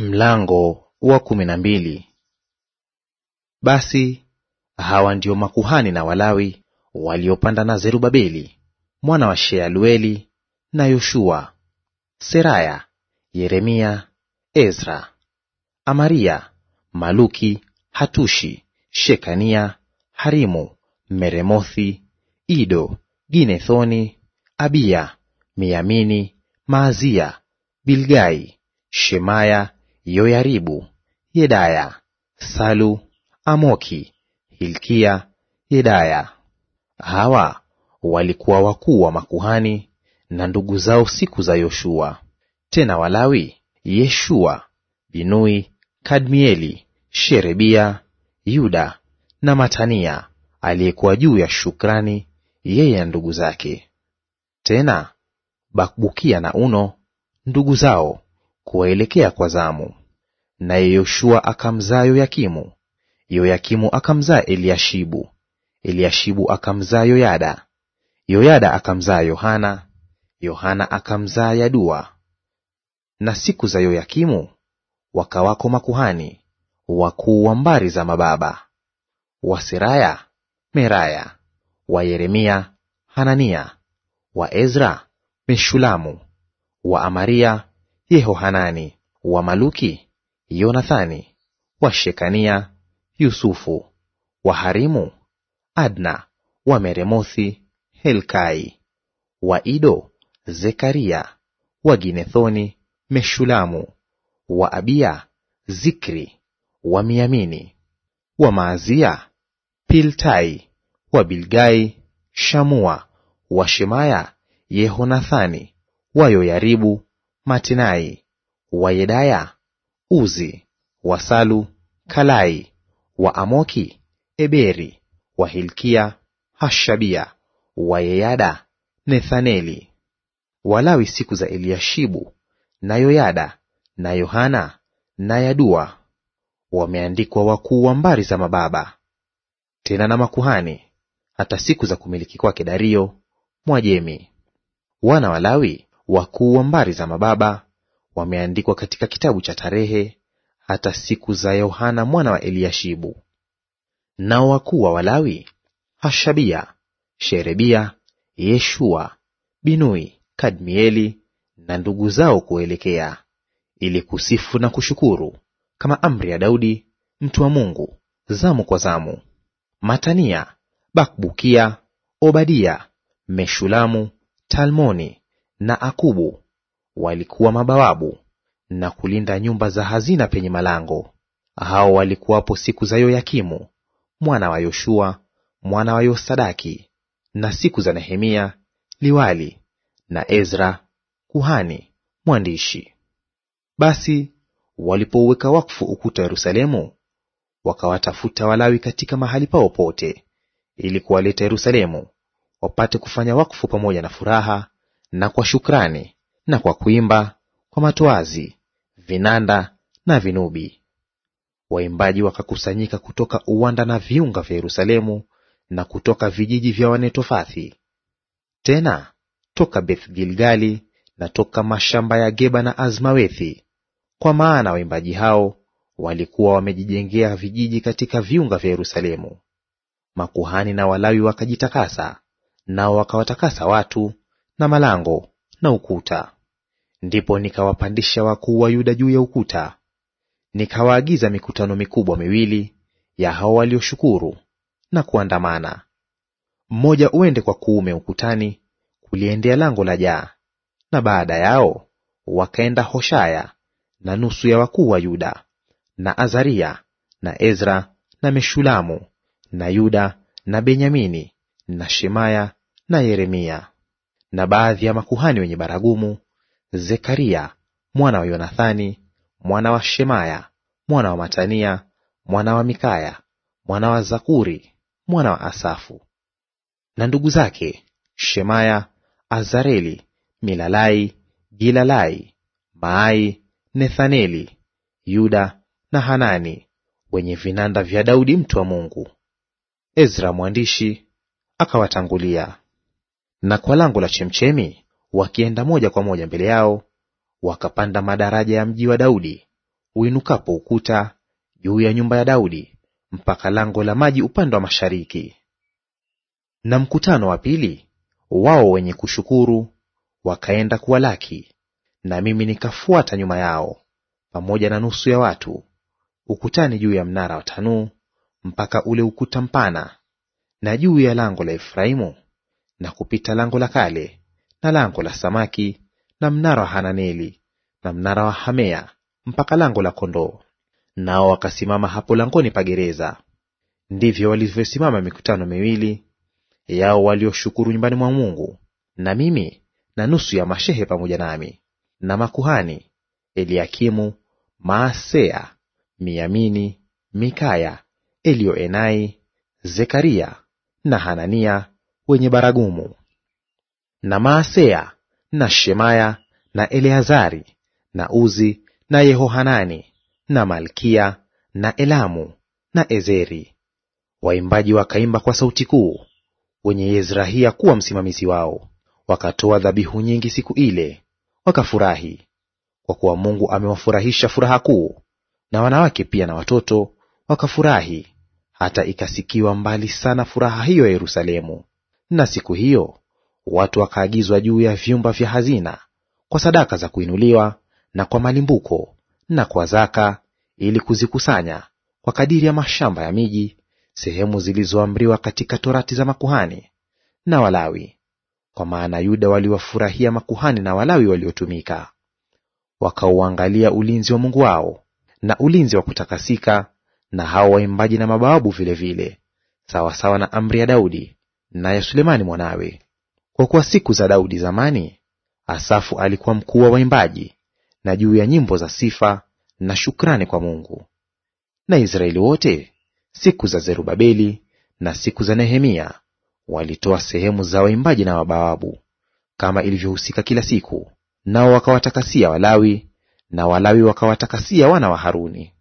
Mlango wa kumi na mbili. Basi hawa ndio makuhani na Walawi waliopanda na Zerubabeli mwana wa Shealueli na Yoshua, Seraya, Yeremia, Ezra, Amaria, Maluki, Hatushi, Shekania, Harimu, Meremothi, Ido, Ginethoni, Abia, Miamini, Maazia, Bilgai, Shemaya Yoyaribu, Yedaya, Salu, Amoki, Hilkia, Yedaya. Hawa walikuwa wakuu wa makuhani na ndugu zao siku za Yoshua. Tena Walawi, Yeshua, Binui, Kadmieli, Sherebia, Yuda na Matania aliyekuwa juu ya shukrani, yeye na ndugu zake. Tena Bakbukia na Uno ndugu zao kuwaelekea kwa zamu. Naye Yoshua akamzaa Yoyakimu, Yoyakimu akamzaa Eliashibu, Eliashibu akamzaa Yoyada, Yoyada akamzaa Yohana, Yohana akamzaa Yadua. Na siku za Yoyakimu wakawako makuhani wakuu wa mbari za mababa, wa Seraya Meraya, wa Yeremia Hanania, wa Ezra Meshulamu, wa Amaria Yehohanani, wa Maluki Yonathani, washekania Yusufu, waharimu Adna, wameremothi Helkai, waido Zekaria, waginethoni Meshulamu, Waabia, Zikri, wamiamini wamaazia Piltai, wabilgai Shamua, washemaya Yehonathani, wayoyaribu matinai wayedaya Uzi, Wasalu, Kalai, Waamoki, Eberi, Wahilkia, Hashabia, Wayeyada, Nethaneli. Walawi siku za Eliashibu na Yoyada na Yohana na Yadua wameandikwa wakuu wa mbari za mababa, tena na makuhani, hata siku za kumiliki kwake Dario Mwajemi. Wana wa Lawi wakuu wa mbari za mababa wameandikwa katika kitabu cha tarehe hata siku za Yohana mwana wa Eliashibu. Nao wakuu wa Walawi, Hashabia, Sherebia, Yeshua, Binui, Kadmieli na ndugu zao kuelekea ili kusifu na kushukuru kama amri ya Daudi mtu wa Mungu zamu kwa zamu. Matania, Bakbukia, Obadia, Meshulamu, Talmoni na Akubu walikuwa mabawabu na kulinda nyumba za hazina penye malango. Hao walikuwapo siku za Yoyakimu mwana wa Yoshua mwana wa Yosadaki, na siku za Nehemia liwali, na Ezra kuhani mwandishi. Basi walipouweka wakfu ukuta wa Yerusalemu, wakawatafuta Walawi katika mahali pao pote, ili kuwaleta Yerusalemu wapate kufanya wakfu pamoja na furaha na kwa shukrani na kwa kuimba kwa matoazi vinanda na vinubi. Waimbaji wakakusanyika kutoka uwanda na viunga vya Yerusalemu na kutoka vijiji vya wanetofathi, tena toka Beth Gilgali na toka mashamba ya Geba na Azmawethi, kwa maana waimbaji hao walikuwa wamejijengea vijiji katika viunga vya Yerusalemu. Makuhani na Walawi wakajitakasa, nao wakawatakasa watu na malango na ukuta. Ndipo nikawapandisha wakuu wa Yuda juu ya ukuta, nikawaagiza mikutano mikubwa miwili ya hao walioshukuru na kuandamana, mmoja uende kwa kuume ukutani kuliendea lango la jaa, na baada yao wakaenda Hoshaya na nusu ya wakuu wa Yuda na Azaria na Ezra na Meshulamu na Yuda na Benyamini na Shemaya na Yeremia na baadhi ya makuhani wenye baragumu Zekaria mwana wa Yonathani mwana wa Shemaya mwana wa Matania mwana wa Mikaya mwana wa Zakuri mwana wa Asafu na ndugu zake Shemaya, Azareli, Milalai, Gilalai, Maai, Nethaneli, Yuda na Hanani wenye vinanda vya Daudi mtu wa Mungu. Ezra mwandishi akawatangulia. Na kwa lango la chemchemi wakienda moja kwa moja mbele yao, wakapanda madaraja ya mji wa Daudi uinukapo ukuta juu ya nyumba ya Daudi mpaka lango la maji upande wa mashariki. Na mkutano wa pili wao wenye kushukuru wakaenda kuwalaki, na mimi nikafuata nyuma yao pamoja na nusu ya watu ukutani juu ya mnara wa tanuu mpaka ule ukuta mpana, na juu ya lango la Efraimu na kupita lango la kale na lango la samaki na mnara wa Hananeli na mnara wa Hamea mpaka lango la kondoo. Nao wakasimama hapo langoni pa gereza. Ndivyo walivyosimama mikutano miwili yao walioshukuru nyumbani mwa Mungu, na mimi na nusu ya mashehe pamoja nami, na makuhani Eliakimu, Maasea, Miyamini, Mikaya, Elioenai, Zekaria na Hanania wenye baragumu na maasea na Shemaya na Eleazari na Uzi na Yehohanani na Malkia na Elamu na Ezeri. Waimbaji wakaimba kwa sauti kuu, wenye Yezrahia kuwa msimamizi wao. Wakatoa dhabihu nyingi siku ile, wakafurahi, kwa kuwa Mungu amewafurahisha furaha kuu, na wanawake pia na watoto wakafurahi, hata ikasikiwa mbali sana furaha hiyo ya Yerusalemu. Na siku hiyo watu wakaagizwa juu ya vyumba vya hazina kwa sadaka za kuinuliwa na kwa malimbuko na kwa zaka, ili kuzikusanya kwa kadiri ya mashamba ya miji, sehemu zilizoamriwa katika torati za makuhani na Walawi, kwa maana Yuda waliwafurahia makuhani na Walawi waliotumika. Wakauangalia ulinzi wa Mungu wao na ulinzi wa kutakasika, na hao waimbaji na mabawabu vilevile, sawasawa na amri ya Daudi na ya Sulemani mwanawe. Kwa kuwa siku za Daudi zamani, Asafu alikuwa mkuu wa waimbaji na juu ya nyimbo za sifa na shukrani kwa Mungu. Na Israeli wote siku za Zerubabeli na siku za Nehemia walitoa sehemu za waimbaji na wabawabu kama ilivyohusika kila siku, nao wakawatakasia Walawi, na Walawi wakawatakasia wana wa Haruni.